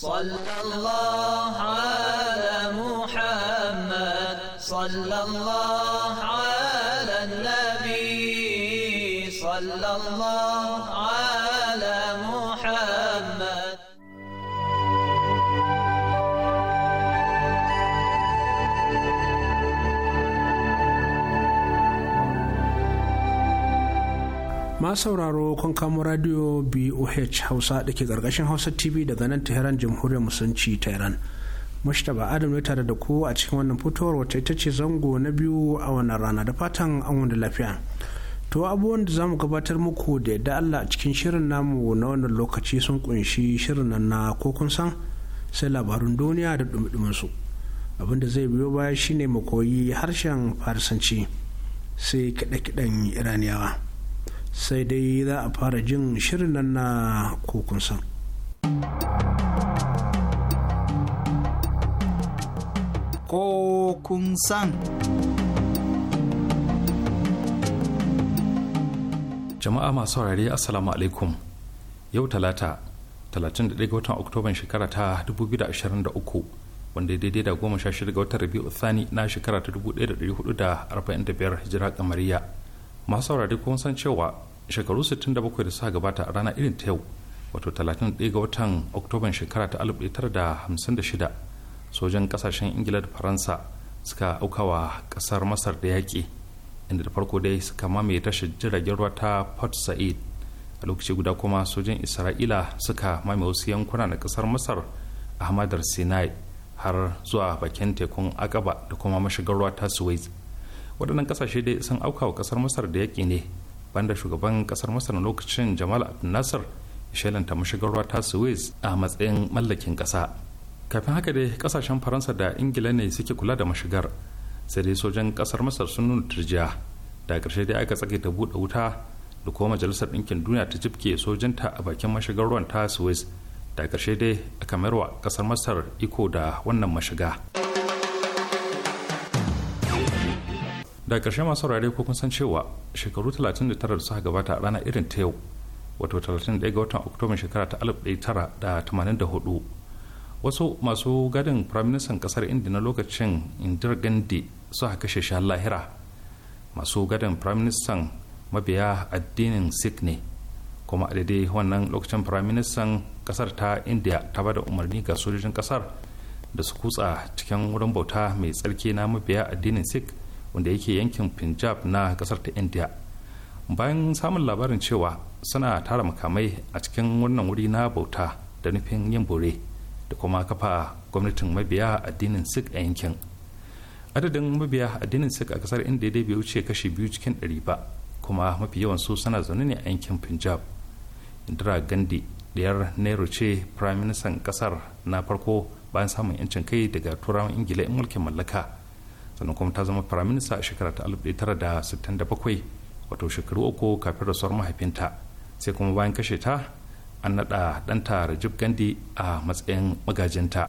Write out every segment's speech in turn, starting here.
صلى الله على محمد صلى الله على النبي صلى الله ma sauraro kun kamo radio boh hausa da ke karkashin hausa tv daga nan tehran jamhuriyar musulunci ta iran mashtaba adam ne tare da ku a cikin wannan fitowar wacce ita ce zango na biyu a wannan rana da fatan an wanda lafiya to abubuwan da zamu gabatar muku da yadda allah cikin shirin namu na wannan lokaci sun kunshi shirin nan na ko kun san sai labarun duniya da dumi su da zai biyo baya shine mu koyi harshen farisanci sai kiɗe-kiɗen iraniyawa sai dai za a fara jin shirin nan na kokun jama'a masu saurari assalamu alaikum yau talata 31 ga watan oktoban shekara ta 2023 wanda daidai da 16 ga watan rabi'u thani na shekara ta 1445 hijira kamariya masu saurari kun san cewa shekaru 67 da suka gabata a rana irin ta yau wato 31 ga watan oktoban shekara ta 1956 sojan kasashen ingila da faransa suka aukawa kasar masar da yaƙi inda da farko dai suka mamaye tashar jiragen ruwa ta port said a lokaci guda kuma sojan isra'ila suka mamaye wasu yankuna na kasar masar a hamadar sinai har zuwa bakin tekun akaba da kuma mashigar ruwa ta suwais waɗannan ƙasashe dai sun auka wa ƙasar masar da yaƙi ne banda shugaban ƙasar masar lokacin jamal abdulnasar shelanta mashigar ruwa ta suez a matsayin mallakin ƙasa kafin haka dai ƙasashen faransa da ingila ne suke kula da mashigar sai dai sojan ƙasar masar sun nuna turjiya da ƙarshe dai aka tsage ta buɗe wuta da kuma majalisar ɗinkin duniya ta jibke sojanta a bakin mashigar ruwan ta suez da ƙarshe dai aka mayarwa ƙasar masar iko da wannan mashiga. da ƙarshe masu saurare ko kun san cewa shekaru 39 da suka gabata a ranar irin ta yau wato 31 ga watan oktoba shekara ta 1984 wasu masu gadin firaministan kasar indiya na lokacin indira gandhi suka kashe shi lahira masu gadin firaministan mabiya addinin sikh ne kuma a daidai wannan lokacin firaministan kasar ta indiya ta bada umarni ga sojojin kasar da su kutsa cikin wurin bauta mai tsarki na mabiya addinin sikh wanda yake yankin punjab na kasar ta india bayan samun labarin cewa suna tara makamai a cikin wannan wuri na bauta da nufin yin bore da kuma kafa gwamnatin mabiya addinin sikh a yankin adadin mabiya addinin sikh a kasar india dai bai wuce kashi biyu cikin ɗari ba kuma mafi yawan su suna zaune ne a yankin punjab indira gandhi diyar nero ce prime minister kasar na farko bayan samun yancin kai daga turawan ingila in mulkin mallaka sannan kuma ta zama firaminista a shekara ta 1967 wato shekaru uku kafin rasuwar mahaifinta sai kuma bayan kashe ta an naɗa ɗanta rajib gandhi a matsayin magajinta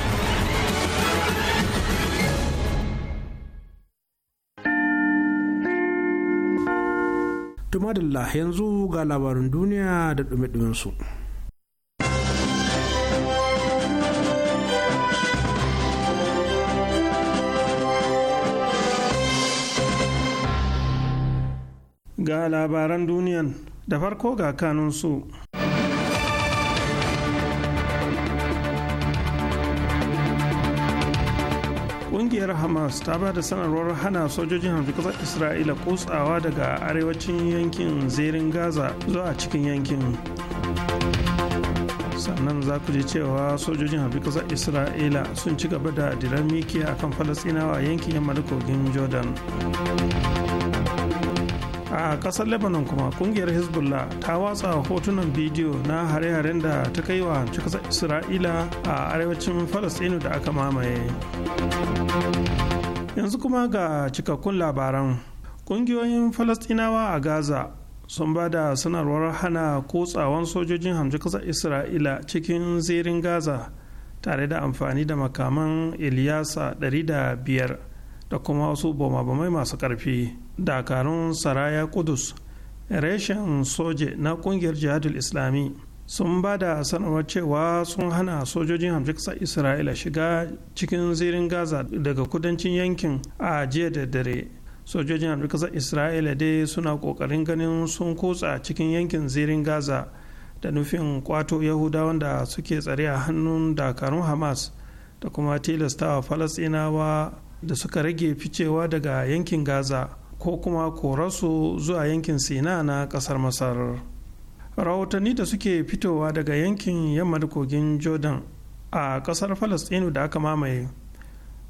Tumadilla yanzu ga labarin duniya da ɗume su. Ga labaran duniyan da farko ga kanunsu. ƙungiyar hamas ta ba da sanarwar hana sojojin hamsin ƙasar isra'ila kutsawa daga arewacin yankin zirin gaza zuwa cikin yankin sannan za ku ji cewa sojojin hamsin ƙasar isra'ila sun ci gaba da diramiki a kan falasinawa yankin yamma da kogin jordan a kasar lebanon kuma kungiyar hezbollah ta watsa hotunan bidiyo na hare-haren da ta kai wa kasar isra'ila a arewacin falastinu da aka mamaye yanzu kuma ga cikakkun labaran kungiyoyin falastinawa a gaza sun ba da sanarwar hana kotsawan sojojin hamji kasar isra'ila cikin zirin gaza tare da amfani da makaman iliyasa 500 da kuma wasu bamai masu ƙarfi dakarun saraya kudus reshen soje na kungiyar jihadul islami sun ba da sanarwar cewa sun hana sojojin hamshiksa isra'ila shiga cikin zirin gaza daga kudancin yankin a jiya da dare sojojin hamshiksa isra'ila dai suna kokarin ganin sun kutsa cikin yankin zirin gaza da nufin kwato yahudawan da suke tsare a hannun dakarun hamas da kuma tilastawa falasinawa da suka rage ficewa daga yankin gaza ko kuma korarsu zuwa yankin sina na kasar masar rahotanni da suke fitowa daga yankin yamma da kogin jordan a kasar falastinu da aka mamaye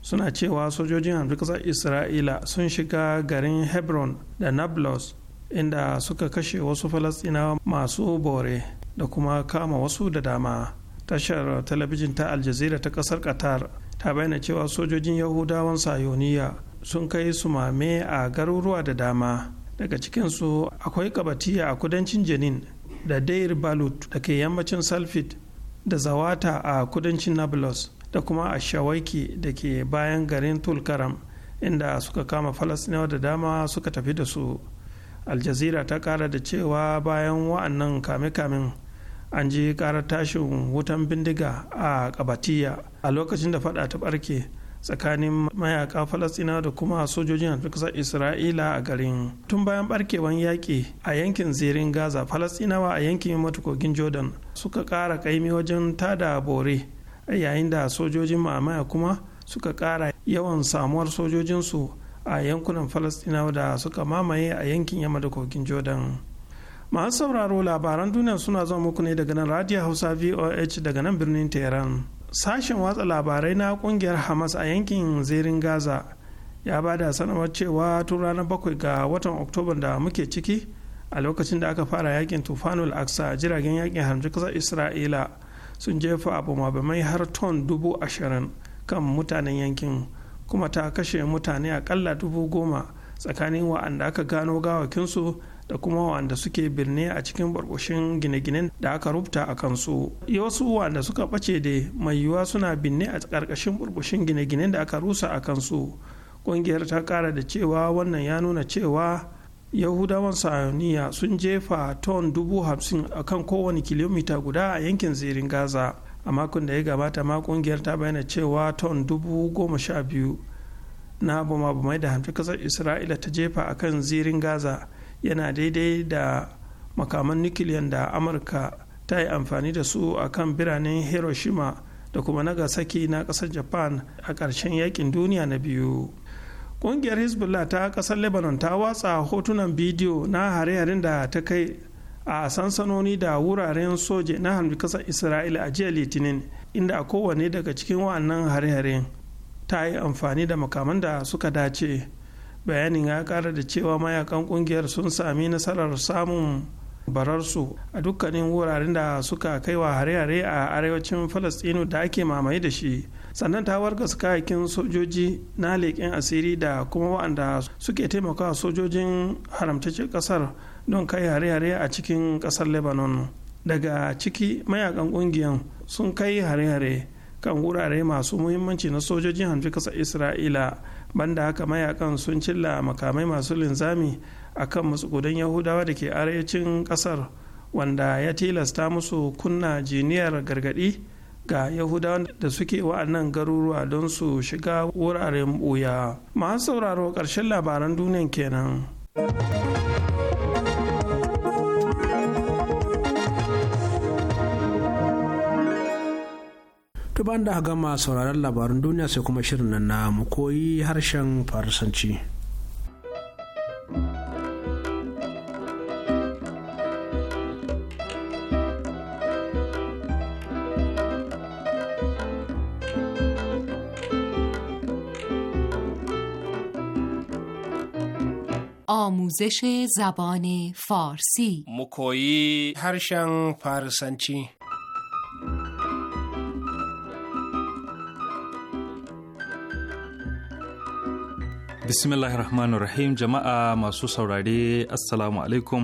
suna cewa sojojin hamdu kasar isra'ila sun shiga garin hebron da nablus inda suka kashe wasu falastinawa masu bore da kuma kama wasu da dama tashar talabijin ta aljazeera ta kasar qatar ta bayyana cewa sojojin yahudawan sayoniya sun kai su mame a garuruwa da dama daga cikinsu akwai kabatiya a kudancin jenin da deir balut da ke yammacin salfit da zawata a kudancin nablus da kuma a shawaiki da ke bayan garin tulkaram inda suka kama falastinawa da dama suka tafi da su aljazira ta kara da cewa bayan wa'annan kame-kamen an ji karar tashin wutan bindiga a kabatiya a lokacin da fada ta barke tsakanin mayaka falastina da kuma sojojin alfikasar isra'ila a garin tun bayan barkewan yaƙi a yankin zirin gaza falastinawa a yankin matukogin jordan suka ƙara kaimi wajen tada bore yayin da sojojin mamaya kuma suka ƙara yawan samuwar sojojinsu a yankunan falastinawa da suka mamaye a yankin yamma da kogin jordan masu sauraro labaran duniya suna zuwa muku ne daga nan radio hausa voh daga nan birnin tehran sashen watsa labarai na kungiyar hamas a yankin zirin gaza ya ba da sanarwar cewa tun ranar bakwai ga watan oktoba da muke ciki a lokacin da aka fara yakin tufanul aksa jiragen yakin harbi kasar isra'ila sun jefa abu mabamai har ton dubu ashirin kan mutanen yankin kuma ta kashe mutane akalla dubu goma tsakanin wa'anda aka gano gawakinsu da kuma wanda suke birni a cikin barbushin gine-ginen da aka rubuta a kansu wasu wanda suka bace da mai yiwuwa suna binne a ƙarƙashin barbushin gine-ginen da aka rusa a kansu ƙungiyar ta kara da cewa wannan ya nuna cewa yahudawan sayoniya sun jefa ton dubu hamsin a kan kowane kilomita guda a yankin zirin gaza a makon da ya gabata ma kungiyar ta bayyana cewa ton dubu goma sha biyu na bama-bamai da hamsin kasar isra'ila ta jefa a kan zirin gaza yana daidai da makaman nukiliyan da amurka ta yi amfani da su a kan biranen hiroshima da kuma nagasaki na kasar japan a ƙarshen yakin duniya na biyu ƙungiyar hezbollah ta ƙasar lebanon ta watsa hotunan bidiyo na hare-haren da ta kai a sansanoni da wuraren soje na hamdu ƙasar isra'ila a jiya litinin inda a kowane daga cikin wa'annan hare-haren ta yi amfani da makaman da suka dace bayanin ya kara da cewa mayakan kungiyar sun sami nasarar samun bararsu a dukkanin wuraren da suka kaiwa hare-hare a arewacin falastinu da ake mamaye da shi sannan ta su kayakin sojoji na leƙen asiri da kuma waɗanda suke taimakawa sojojin haramtaccen ƙasar don kai hare-hare a cikin ƙasar lebanon daga ciki mayakan kungiyar sun kai hare-hare kan wurare masu muhimmanci na sojojin hamfi ƙasar isra'ila banda haka mayakan sun cilla makamai masu linzami a kan matsugudan yahudawa da ke arewacin kasar wanda ya tilasta musu kunna jiniyar gargadi ga yahudawa da suke wa'annan garuruwa don su shiga wuraren buya masu sauraro karshen labaran duniyan kenan. to da da gama sauraron labarin duniya sai kuma shirin nan na mu koyi harshen farsanci آموزش زبان فارسی مکویی هرشن فارسنچی Bismillahirrahmanirrahim jama'a masu saurare assalamu alaikum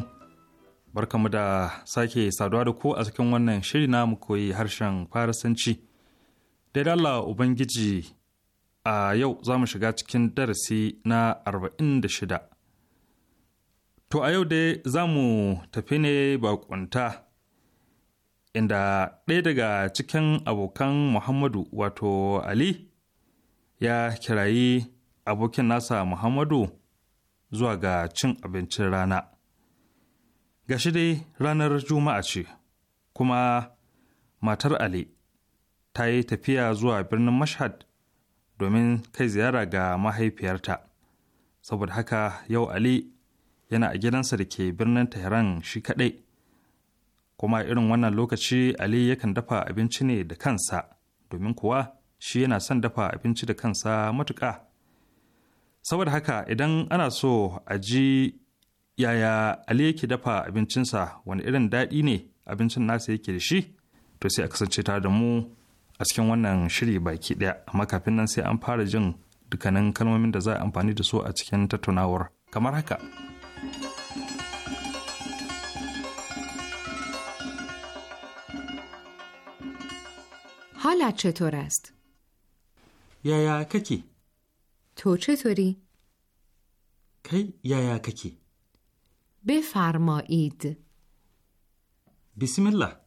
barkamu da sake saduwa da ku a cikin wannan shiri na mu koyi harshen farasanci. dai Allah Ubangiji a yau za mu shiga cikin darasi na arba'in da shida. To a yau dai za mu tafi ne bakunta inda ɗaya daga cikin abokan Muhammadu wato Ali ya kirayi abokin nasa Muhammadu zuwa ga cin abincin rana. Gashi dai ranar Juma'a ce, kuma matar Ali ta yi tafiya zuwa birnin Mashhad domin kai ziyara ga mahaifiyarta. Saboda haka yau Ali yana a gidansa da ke birnin Tehran shi kaɗai. Kuma irin wannan lokaci Ali yakan dafa abinci ne da kansa, domin kuwa shi yana son dafa abinci da kansa matuƙa. saboda haka idan ana so a ji yaya ali yake dafa abincinsa wani irin daɗi ne abincin nasa yake da shi to sai a kasance tare da mu a cikin wannan shiri baki ɗaya amma kafin nan sai an fara jin dukkanin kalmomin da za a amfani da su a cikin tattaunawar kamar haka hala چطور yaya kake تو چطوری؟ کی یا یا ککی بفرمایید بسم الله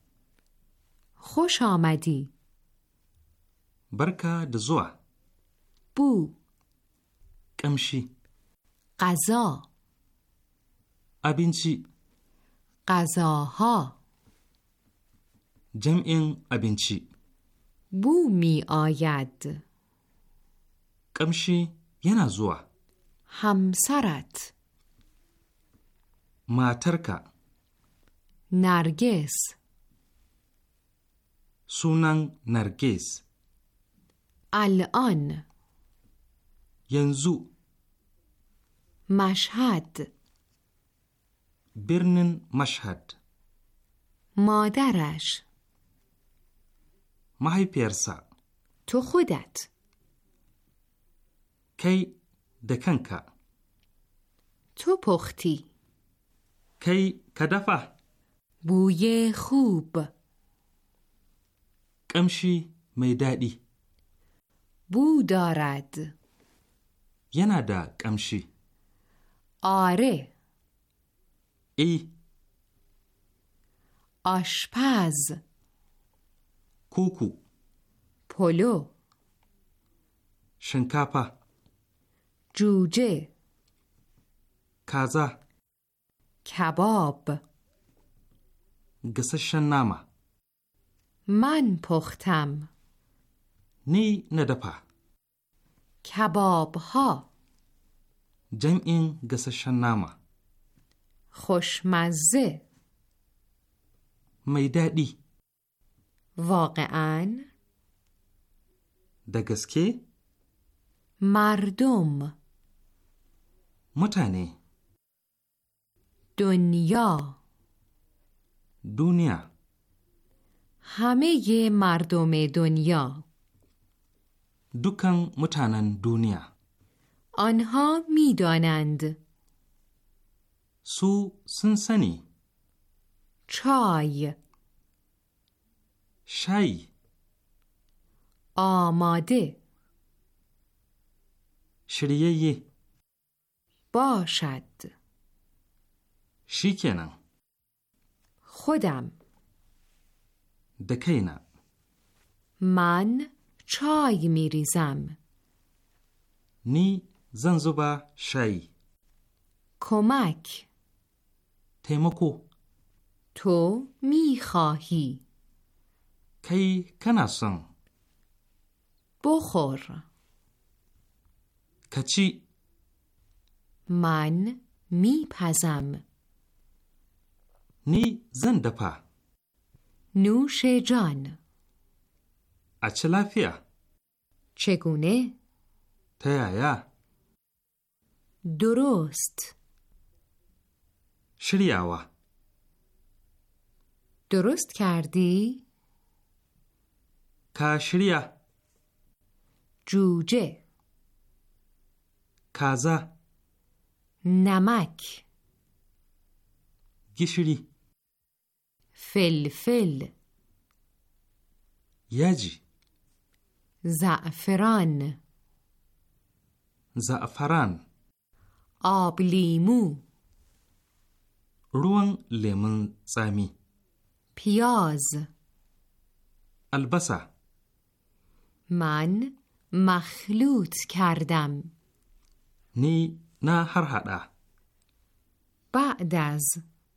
خوش آمدی برکا دزوا بو کمشی قضا ابینچی قضاها جمع ابینچی بو می آید کمشی یه زوا همسرت ماترکا نرگس سونن نرگس الان ینزو مشهد برنن مشهد مادرش مهی پیرسا تو خودت کی دکنکا تو پختی کی کدفه بوی خوب کمشی میدادی بو دارد یه دا کمشی آره ای آشپز کوکو پلو شنکاپا جوجه کازا کباب گسش نامه من پختم نی ندپا کباب ها جمع گسش نامه خوشمزه میدادی واقعا دگسکی مردم mutane duniya duniya hame ye mardome duniya dukan mutanen duniya anha midanand su sun sani chai shai amade shiryayye باشد شیکنم خودم دکینا من چای میریزم نی زنزوبا شایی کمک تیمکو تو میخواهی کی کناسن بخور کچی من میپزم نی زندپا نوش جان اچلافیا چگونه؟ تیایا درست شریعوا درست کردی؟ کاشریا جوجه کازا نمک گشری فلفل یجی زعفران زعفران آب لیمو روان لیمون زمی پیاز البسه من مخلوط کردم نی نه هر حدا بعد از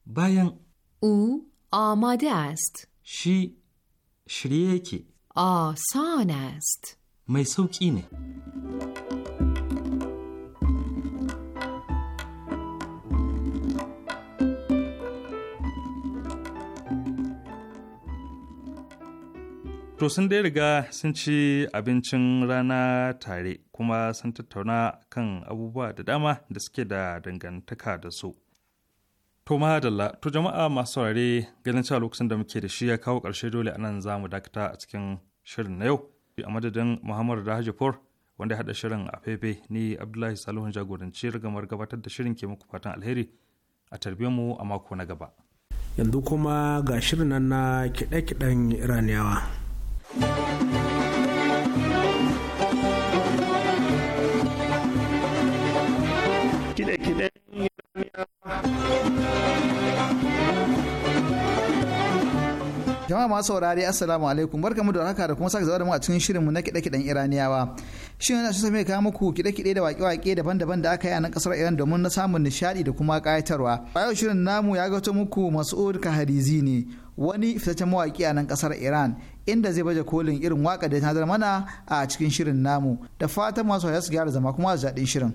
باین او آماده است شی شریکی آسان است می سوکی To sun dai riga sun ci abincin rana tare kuma sun tattauna kan abubuwa da dama da suke da dangantaka da su. To mahadalla, to jama'a masu saurare ganin cewa lokacin da muke da shi ya kawo ƙarshe dole a nan za mu dakata a cikin shirin na yau. A madadin Muhammadu Dahajifor wanda ya haɗa shirin a fefe ni Abdullahi Salihu jagoranci rigamar gabatar da shirin ke muku fatan alheri a tarbe mu a mako na gaba. Yanzu kuma ga shirin nan na kiɗe-kiɗen Iraniyawa. Thank you. jama'a masu saurari assalamu alaikum barkamu da haka da kuma sake zama da mu a cikin shirinmu na kiɗe-kiɗen iraniyawa shin yana so mai kawo muku kiɗe-kiɗe da waƙe-waƙe daban-daban da aka yi a nan ƙasar iran domin na samun nishadi da kuma ƙayatarwa a yau shirin namu ya gato muku mas'ud kahadizi ne wani fitaccen mawaƙi a nan ƙasar iran inda zai baje kolin irin waka da ta mana a cikin shirin namu da fatan masu su gyara zama kuma a daɗin shirin.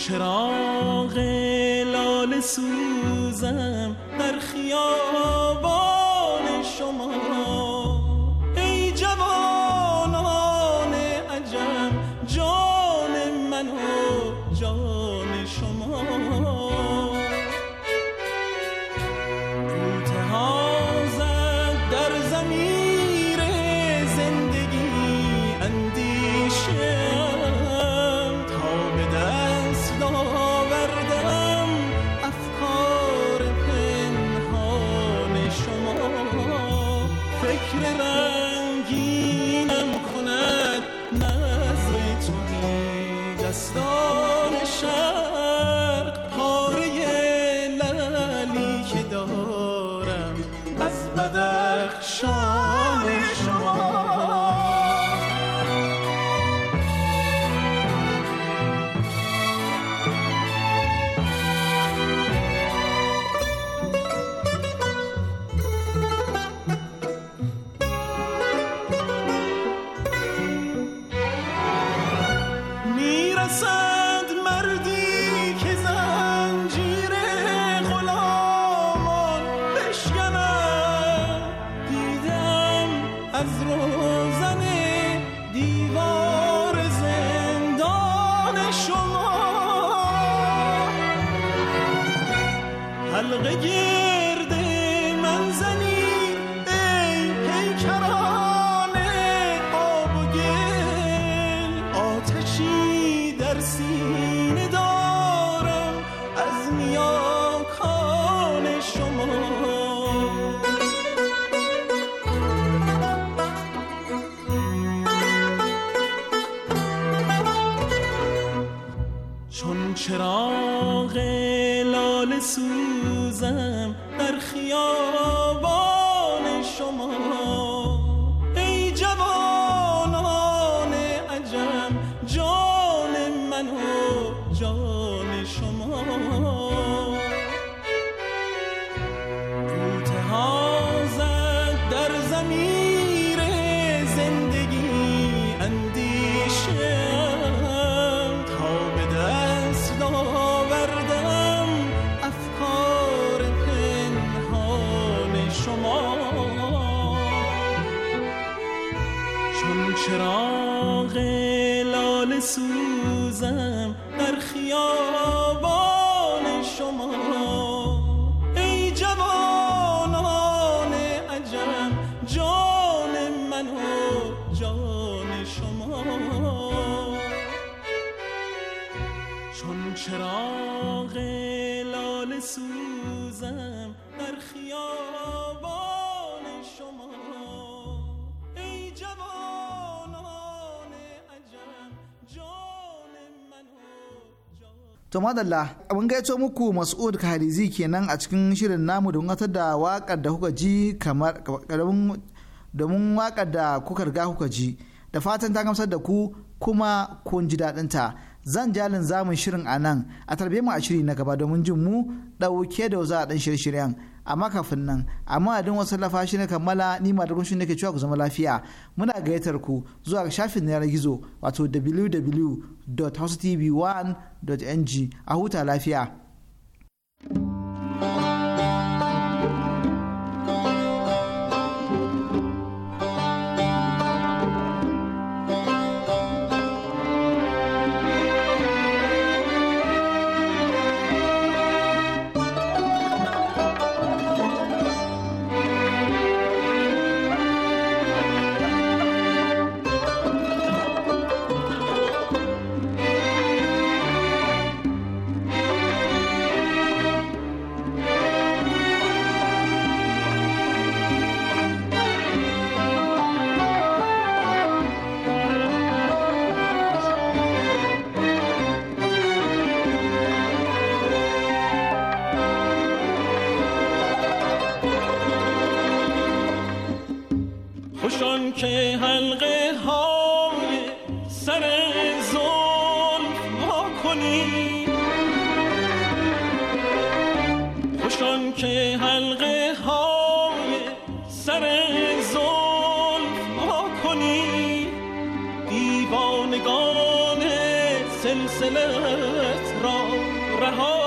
شراغ لال سوزم در خیال سوزم در خیال چون چراغ لال سوزم در خیابان شما ای جوانان عجم جان منو to madalla abin gaito muku mas'ud kahalizi kenan a cikin shirin namu don wata da wakar da kuka ji kamar domin waƙar da kuka riga kuka ji da fatan ta gamsar da ku kuma kun ji dadinta. zan jalin zamun shirin a nan a tarbe mu a shiri na gaba domin jin mu ɗauke da za a ɗan shirye-shiryen amma kafin nan amma adin wasu lafashi na kammala ni ma da shi nake cewa ku zama lafiya muna gayyatar ku zuwa ga shafin yanar gizo wato www.housetv1.ng a huta lafiya. دلت را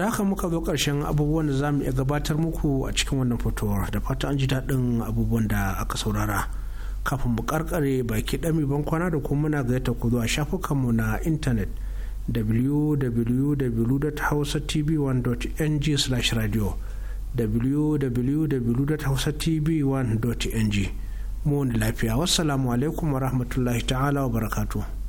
da haka muka zo ƙarshen abubuwan da za mu iya gabatar muku a cikin wannan fitowar da fata an ji daɗin abubuwan da aka saurara kafin mu karkare baki ɗami ban kwana da kuma muna gayyata ku zuwa shafukanmu na intanet www.hausatv1.ng/radio www.hausatv1.ng mu wani lafiya wassalamu alaikum wa rahmatullahi ta'ala wa barakatuh